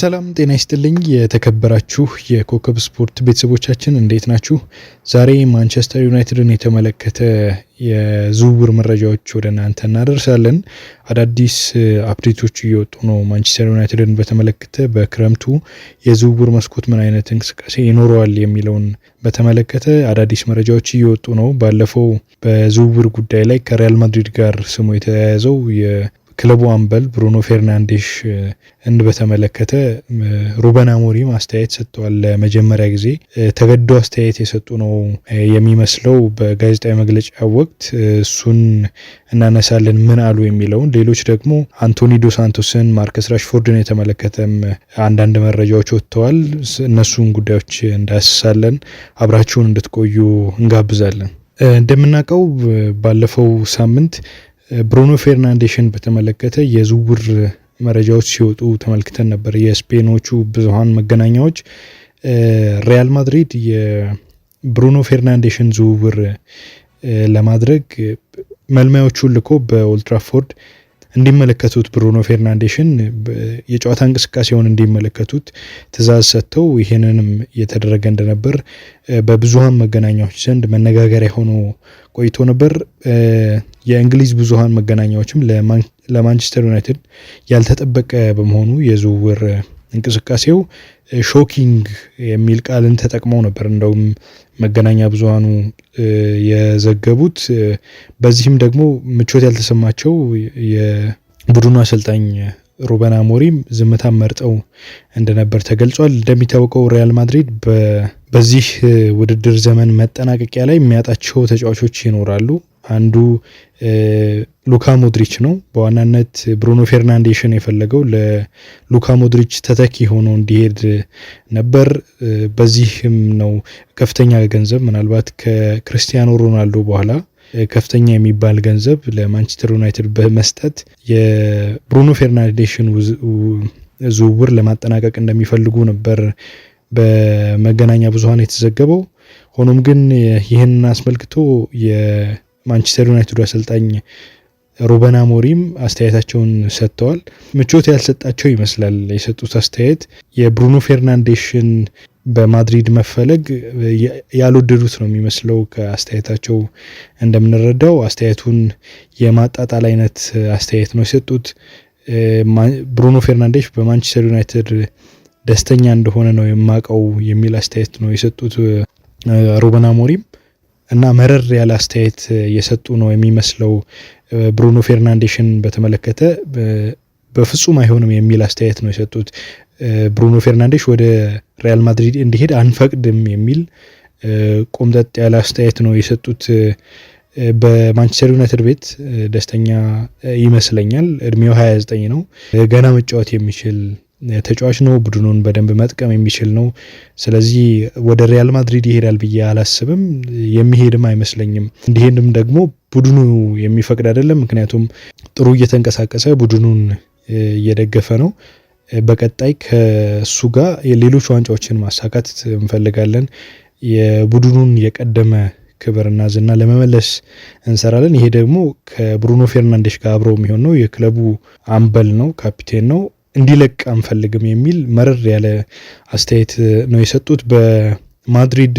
ሰላም ጤና ይስጥልኝ። የተከበራችሁ የኮከብ ስፖርት ቤተሰቦቻችን እንዴት ናችሁ? ዛሬ ማንቸስተር ዩናይትድን የተመለከተ የዝውውር መረጃዎች ወደ እናንተ እናደርሳለን። አዳዲስ አፕዴቶች እየወጡ ነው። ማንቸስተር ዩናይትድን በተመለከተ በክረምቱ የዝውውር መስኮት ምን አይነት እንቅስቃሴ ይኖረዋል የሚለውን በተመለከተ አዳዲስ መረጃዎች እየወጡ ነው። ባለፈው በዝውውር ጉዳይ ላይ ከሪያል ማድሪድ ጋር ስሙ የተያያዘው ክለቡ አምበል ብሩኖ ፌርናንዴሽ እንድ በተመለከተ ሩበን አሞሪም አስተያየት ሰጥተዋል። ለመጀመሪያ ጊዜ ተገዶ አስተያየት የሰጡ ነው የሚመስለው በጋዜጣዊ መግለጫ ወቅት እሱን እናነሳለን ምን አሉ የሚለውን። ሌሎች ደግሞ አንቶኒ ዶ ሳንቶስን፣ ማርከስ ራሽፎርድን የተመለከተም አንዳንድ መረጃዎች ወጥተዋል። እነሱን ጉዳዮች እንዳያስሳለን አብራችሁን እንድትቆዩ እንጋብዛለን። እንደምናውቀው ባለፈው ሳምንት ብሩኖ ፌርናንዴሽን በተመለከተ የዝውውር መረጃዎች ሲወጡ ተመልክተን ነበር። የስፔኖቹ ብዙሀን መገናኛዎች ሪያል ማድሪድ የብሩኖ ፌርናንዴሽን ዝውውር ለማድረግ መልማዮቹን ልኮ በኦልትራፎርድ እንዲመለከቱት ብሩኖ ፌርናንዴሽን የጨዋታ እንቅስቃሴውን እንዲመለከቱት ትዕዛዝ ሰጥተው ይህንንም እየተደረገ እንደነበር በብዙሀን መገናኛዎች ዘንድ መነጋገሪያ ሆኖ ቆይቶ ነበር። የእንግሊዝ ብዙሃን መገናኛዎችም ለማንቸስተር ዩናይትድ ያልተጠበቀ በመሆኑ የዝውውር እንቅስቃሴው ሾኪንግ የሚል ቃልን ተጠቅመው ነበር። እንደውም መገናኛ ብዙሃኑ የዘገቡት በዚህም ደግሞ ምቾት ያልተሰማቸው የቡድኑ አሰልጣኝ ሩበን አሞሪም ዝምታን መርጠው እንደነበር ተገልጿል። እንደሚታወቀው ሪያል ማድሪድ በዚህ ውድድር ዘመን መጠናቀቂያ ላይ የሚያጣቸው ተጫዋቾች ይኖራሉ። አንዱ ሉካ ሞድሪች ነው። በዋናነት ብሩኖ ፌርናንዴሽን የፈለገው ለሉካ ሞድሪች ተተኪ ሆኖ እንዲሄድ ነበር። በዚህም ነው ከፍተኛ ገንዘብ ምናልባት ከክርስቲያኖ ሮናልዶ በኋላ ከፍተኛ የሚባል ገንዘብ ለማንቸስተር ዩናይትድ በመስጠት የብሩኖ ፌርናንዴሽን ዝውውር ለማጠናቀቅ እንደሚፈልጉ ነበር በመገናኛ ብዙኃን የተዘገበው። ሆኖም ግን ይህንን አስመልክቶ ማንቸስተር ዩናይትዱ አሰልጣኝ ሩበን አሞሪም አስተያየታቸውን ሰጥተዋል። ምቾት ያልሰጣቸው ይመስላል የሰጡት አስተያየት የብሩኖ ፌርናንዴሽን በማድሪድ መፈለግ ያልወደዱት ነው የሚመስለው። ከአስተያየታቸው እንደምንረዳው አስተያየቱን የማጣጣል አይነት አስተያየት ነው የሰጡት። ብሩኖ ፌርናንዴሽ በማንቸስተር ዩናይትድ ደስተኛ እንደሆነ ነው የማውቀው የሚል አስተያየት ነው የሰጡት ሩበን አሞሪም እና መረር ያለ አስተያየት እየሰጡ ነው የሚመስለው። ብሩኖ ፌርናንዴሽን በተመለከተ በፍጹም አይሆንም የሚል አስተያየት ነው የሰጡት። ብሩኖ ፌርናንዴሽ ወደ ሪያል ማድሪድ እንዲሄድ አንፈቅድም የሚል ቆምጠጥ ያለ አስተያየት ነው የሰጡት። በማንቸስተር ዩናይትድ ቤት ደስተኛ ይመስለኛል። እድሜው 29 ነው፣ ገና መጫወት የሚችል ተጫዋች ነው። ቡድኑን በደንብ መጥቀም የሚችል ነው። ስለዚህ ወደ ሪያል ማድሪድ ይሄዳል ብዬ አላስብም። የሚሄድም አይመስለኝም። እንዲሄድም ደግሞ ቡድኑ የሚፈቅድ አይደለም። ምክንያቱም ጥሩ እየተንቀሳቀሰ ቡድኑን እየደገፈ ነው። በቀጣይ ከእሱ ጋር ሌሎች ዋንጫዎችን ማሳካት እንፈልጋለን። የቡድኑን የቀደመ ክብርና ዝና ለመመለስ እንሰራለን። ይሄ ደግሞ ከብሩኖ ፌርናንዴሽ ጋር አብረው የሚሆን ነው። የክለቡ አምበል ነው፣ ካፒቴን ነው። እንዲለቅ አንፈልግም የሚል መረር ያለ አስተያየት ነው የሰጡት። በማድሪድ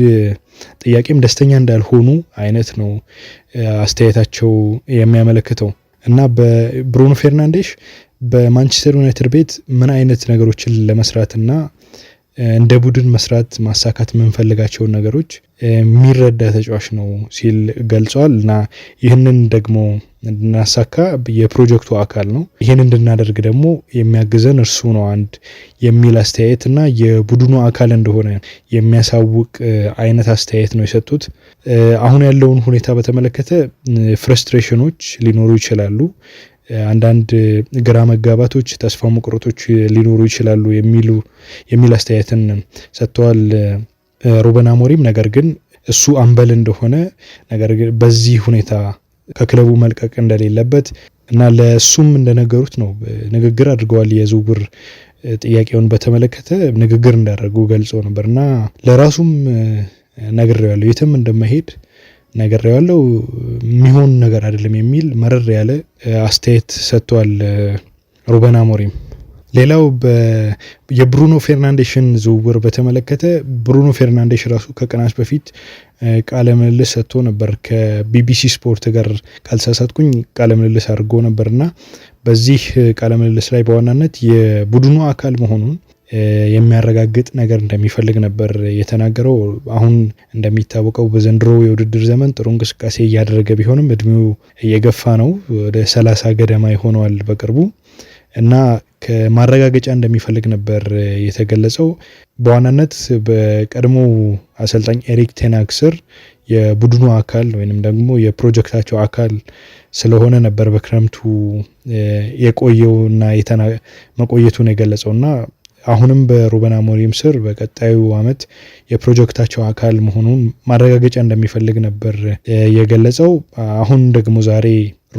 ጥያቄም ደስተኛ እንዳልሆኑ አይነት ነው አስተያየታቸው የሚያመለክተው እና በብሩኖ ፌርናንዴሽ በማንቸስተር ዩናይትድ ቤት ምን አይነት ነገሮችን ለመስራትና እንደ ቡድን መስራት ማሳካት የምንፈልጋቸውን ነገሮች የሚረዳ ተጫዋች ነው ሲል ገልጿል። እና ይህንን ደግሞ እንድናሳካ የፕሮጀክቱ አካል ነው፣ ይህን እንድናደርግ ደግሞ የሚያግዘን እርሱ ነው አንድ የሚል አስተያየት እና የቡድኑ አካል እንደሆነ የሚያሳውቅ አይነት አስተያየት ነው የሰጡት። አሁን ያለውን ሁኔታ በተመለከተ ፍረስትሬሽኖች ሊኖሩ ይችላሉ። አንዳንድ ግራ መጋባቶች፣ ተስፋ መቁረጦች ሊኖሩ ይችላሉ የሚሉ የሚል አስተያየትን ሰጥተዋል ሩበን አሞሪም። ነገር ግን እሱ አምበል እንደሆነ ነገር ግን በዚህ ሁኔታ ከክለቡ መልቀቅ እንደሌለበት እና ለእሱም እንደነገሩት ነው ንግግር አድርገዋል የዝውውር ጥያቄውን በተመለከተ ንግግር እንዳደረጉ ገልጾ ነበር እና ለራሱም ነግሬዋለሁ የትም እንደማይሄድ ነገር ያለው የሚሆን ነገር አይደለም የሚል መረር ያለ አስተያየት ሰጥቷል ሩበን አሞሪም። ሌላው የብሩኖ ፌርናንዴሽን ዝውውር በተመለከተ ብሩኖ ፌርናንዴሽ ራሱ ከቀናት በፊት ቃለ ምልልስ ሰጥቶ ነበር ከቢቢሲ ስፖርት ጋር ካልሳሳትኩኝ ቃለ ምልልስ አድርጎ ነበርና በዚህ ቃለ ምልልስ ላይ በዋናነት የቡድኑ አካል መሆኑን የሚያረጋግጥ ነገር እንደሚፈልግ ነበር የተናገረው። አሁን እንደሚታወቀው በዘንድሮ የውድድር ዘመን ጥሩ እንቅስቃሴ እያደረገ ቢሆንም እድሜው እየገፋ ነው። ወደ ሰላሳ ገደማ ይሆነዋል በቅርቡ እና ከማረጋገጫ እንደሚፈልግ ነበር የተገለጸው። በዋናነት በቀድሞ አሰልጣኝ ኤሪክ ቴናክ ስር የቡድኑ አካል ወይም ደግሞ የፕሮጀክታቸው አካል ስለሆነ ነበር በክረምቱ የቆየውና መቆየቱን የገለጸውና አሁንም በሩበን አሞሪም ስር በቀጣዩ አመት የፕሮጀክታቸው አካል መሆኑን ማረጋገጫ እንደሚፈልግ ነበር የገለጸው። አሁን ደግሞ ዛሬ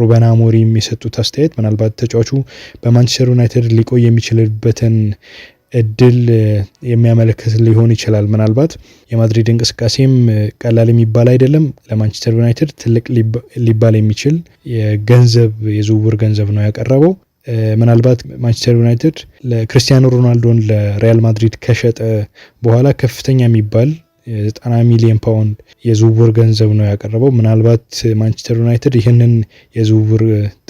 ሩበን አሞሪም የሰጡት አስተያየት ምናልባት ተጫዋቹ በማንቸስተር ዩናይትድ ሊቆይ የሚችልበትን እድል የሚያመለክት ሊሆን ይችላል። ምናልባት የማድሪድ እንቅስቃሴም ቀላል የሚባል አይደለም። ለማንቸስተር ዩናይትድ ትልቅ ሊባል የሚችል የገንዘብ የዝውውር ገንዘብ ነው ያቀረበው። ምናልባት ማንቸስተር ዩናይትድ ለክርስቲያኖ ሮናልዶን ለሪያል ማድሪድ ከሸጠ በኋላ ከፍተኛ የሚባል የዘጠና ሚሊዮን ፓውንድ የዝውውር ገንዘብ ነው ያቀረበው። ምናልባት ማንቸስተር ዩናይትድ ይህንን የዝውውር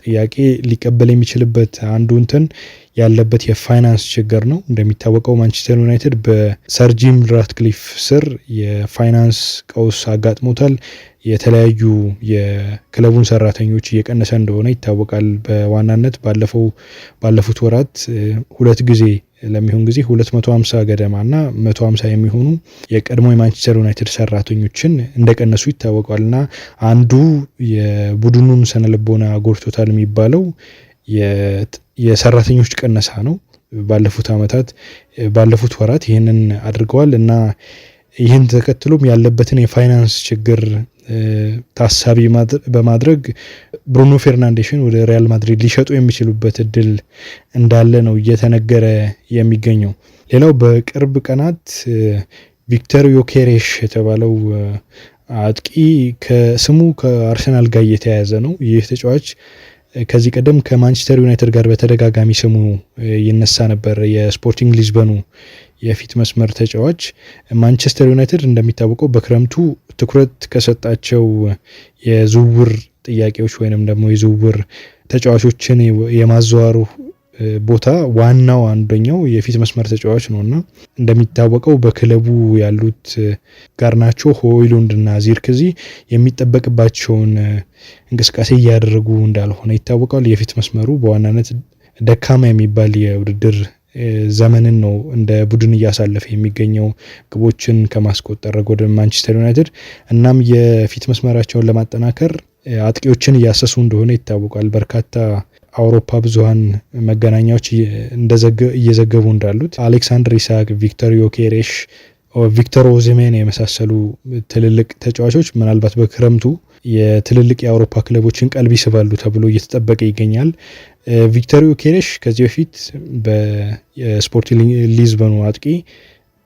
ጥያቄ ሊቀበል የሚችልበት አንዱ እንትን ያለበት የፋይናንስ ችግር ነው። እንደሚታወቀው ማንቸስተር ዩናይትድ በሰር ጂም ራትክሊፍ ስር የፋይናንስ ቀውስ አጋጥሞታል። የተለያዩ የክለቡን ሰራተኞች እየቀነሰ እንደሆነ ይታወቃል። በዋናነት ባለፈው ባለፉት ወራት ሁለት ጊዜ ለሚሆን ጊዜ 250 ገደማና 150 የሚሆኑ የቀድሞ የማንቸስተር ዩናይትድ ሰራተኞችን እንደቀነሱ ይታወቃል እና አንዱ የቡድኑን ስነልቦና ጎድቶታል የሚባለው የሰራተኞች ቀነሳ ነው። ባለፉት ዓመታት ባለፉት ወራት ይህንን አድርገዋል እና ይህን ተከትሎም ያለበትን የፋይናንስ ችግር ታሳቢ በማድረግ ብሩኖ ፌርናንዴሽን ወደ ሪያል ማድሪድ ሊሸጡ የሚችሉበት እድል እንዳለ ነው እየተነገረ የሚገኘው። ሌላው በቅርብ ቀናት ቪክተር ዮኬሬሽ የተባለው አጥቂ ከስሙ ከአርሰናል ጋር እየተያያዘ ነው። ይህ ተጫዋች ከዚህ ቀደም ከማንቸስተር ዩናይትድ ጋር በተደጋጋሚ ስሙ ይነሳ ነበር። የስፖርቲንግ ሊዝበኑ የፊት መስመር ተጫዋች ማንቸስተር ዩናይትድ እንደሚታወቀው በክረምቱ ትኩረት ከሰጣቸው የዝውውር ጥያቄዎች ወይንም ደግሞ የዝውውር ተጫዋቾችን የማዘዋሩ ቦታ ዋናው አንደኛው የፊት መስመር ተጫዋች ነው እና እንደሚታወቀው በክለቡ ያሉት ጋርናቾ፣ ሆይሉንድ እና ዚርክዚ የሚጠበቅባቸውን እንቅስቃሴ እያደረጉ እንዳልሆነ ይታወቃል። የፊት መስመሩ በዋናነት ደካማ የሚባል የውድድር ዘመንን ነው እንደ ቡድን እያሳለፈ የሚገኘው ግቦችን ከማስቆጠር ወደ ማንቸስተር ዩናይትድ። እናም የፊት መስመራቸውን ለማጠናከር አጥቂዎችን እያሰሱ እንደሆነ ይታወቃል። በርካታ አውሮፓ ብዙሀን መገናኛዎች እየዘገቡ እንዳሉት አሌክሳንድር ኢሳክ፣ ቪክተር ዮኬሬሽ ቪክተር ኦዜሜን የመሳሰሉ ትልልቅ ተጫዋቾች ምናልባት በክረምቱ የትልልቅ የአውሮፓ ክለቦችን ቀልብ ይስባሉ ተብሎ እየተጠበቀ ይገኛል። ቪክተር ዩኬሬሽ ከዚህ በፊት በስፖርት ሊዝበኑ አጥቂ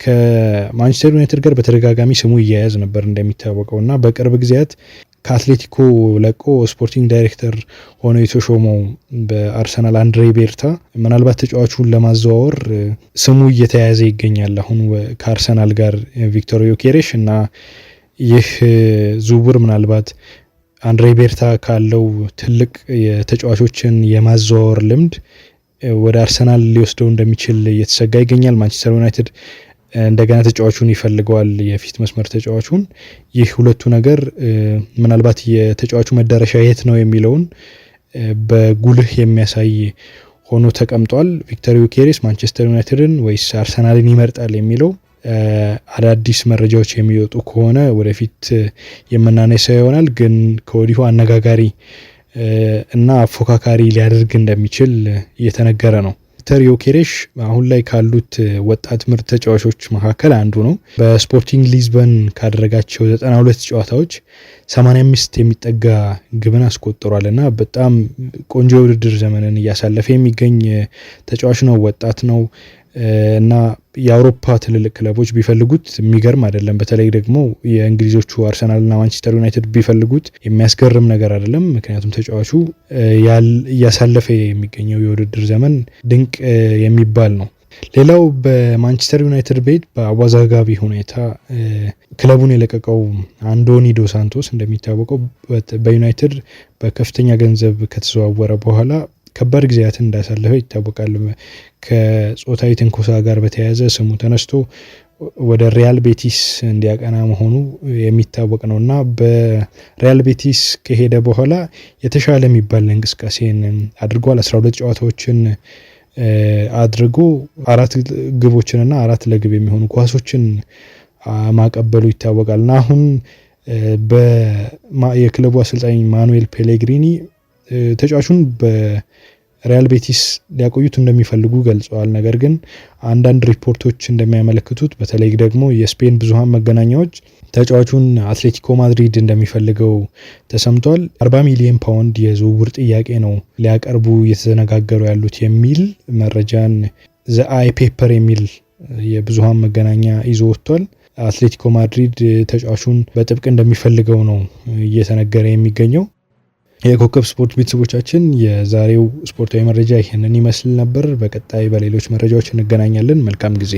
ከማንቸስተር ዩናይትድ ጋር በተደጋጋሚ ስሙ እያያዝ ነበር እንደሚታወቀው እና በቅርብ ጊዜያት ከአትሌቲኮ ለቆ ስፖርቲንግ ዳይሬክተር ሆነው የተሾመው በአርሰናል አንድሬ ቤርታ ምናልባት ተጫዋቹን ለማዘዋወር ስሙ እየተያያዘ ይገኛል። አሁን ከአርሰናል ጋር ቪክቶር ዮኬሬሽ እና ይህ ዝውውር ምናልባት አንድሬ ቤርታ ካለው ትልቅ የተጫዋቾችን የማዘዋወር ልምድ ወደ አርሰናል ሊወስደው እንደሚችል እየተሰጋ ይገኛል። ማንቸስተር ዩናይትድ እንደገና ተጫዋቹን ይፈልገዋል፣ የፊት መስመር ተጫዋቹን። ይህ ሁለቱ ነገር ምናልባት የተጫዋቹ መዳረሻ የት ነው የሚለውን በጉልህ የሚያሳይ ሆኖ ተቀምጧል። ቪክተር ዩኬሬስ ማንቸስተር ዩናይትድን ወይስ አርሰናልን ይመርጣል የሚለው አዳዲስ መረጃዎች የሚወጡ ከሆነ ወደፊት የምናነሳው ይሆናል። ግን ከወዲሁ አነጋጋሪ እና አፎካካሪ ሊያደርግ እንደሚችል እየተነገረ ነው። ቪክተር ዮኬሬሽ አሁን ላይ ካሉት ወጣት ምርጥ ተጫዋቾች መካከል አንዱ ነው። በስፖርቲንግ ሊዝበን ካደረጋቸው 92 ጨዋታዎች 85 የሚጠጋ ግብን አስቆጥሯል እና በጣም ቆንጆ የውድድር ዘመንን እያሳለፈ የሚገኝ ተጫዋች ነው። ወጣት ነው። እና የአውሮፓ ትልልቅ ክለቦች ቢፈልጉት የሚገርም አይደለም። በተለይ ደግሞ የእንግሊዞቹ አርሰናልና ማንቸስተር ዩናይትድ ቢፈልጉት የሚያስገርም ነገር አይደለም። ምክንያቱም ተጫዋቹ እያሳለፈ የሚገኘው የውድድር ዘመን ድንቅ የሚባል ነው። ሌላው በማንቸስተር ዩናይትድ ቤት በአወዛጋቢ ሁኔታ ክለቡን የለቀቀው አንዶኒ ዶ ሳንቶስ እንደሚታወቀው በዩናይትድ በከፍተኛ ገንዘብ ከተዘዋወረ በኋላ ከባድ ጊዜያትን እንዳሳለፈ ይታወቃል። ከጾታዊ ትንኮሳ ጋር በተያያዘ ስሙ ተነስቶ ወደ ሪያል ቤቲስ እንዲያቀና መሆኑ የሚታወቅ ነው እና በሪያል ቤቲስ ከሄደ በኋላ የተሻለ የሚባል እንቅስቃሴን አድርጓል። 12 ጨዋታዎችን አድርጎ አራት ግቦችንና አራት ለግብ የሚሆኑ ኳሶችን ማቀበሉ ይታወቃል እና አሁን የክለቡ አሰልጣኝ ማኑኤል ፔሌግሪኒ ተጫዋቹን በሪያል ቤቲስ ሊያቆዩት እንደሚፈልጉ ገልጸዋል። ነገር ግን አንዳንድ ሪፖርቶች እንደሚያመለክቱት በተለይ ደግሞ የስፔን ብዙሃን መገናኛዎች ተጫዋቹን አትሌቲኮ ማድሪድ እንደሚፈልገው ተሰምቷል። 40 ሚሊዮን ፓውንድ የዝውውር ጥያቄ ነው ሊያቀርቡ እየተነጋገሩ ያሉት የሚል መረጃን ዘአይ ፔፐር የሚል የብዙሃን መገናኛ ይዞ ወጥቷል። አትሌቲኮ ማድሪድ ተጫዋቹን በጥብቅ እንደሚፈልገው ነው እየተነገረ የሚገኘው። የኮከብ ስፖርት ቤተሰቦቻችን የዛሬው ስፖርታዊ መረጃ ይህንን ይመስል ነበር። በቀጣይ በሌሎች መረጃዎች እንገናኛለን። መልካም ጊዜ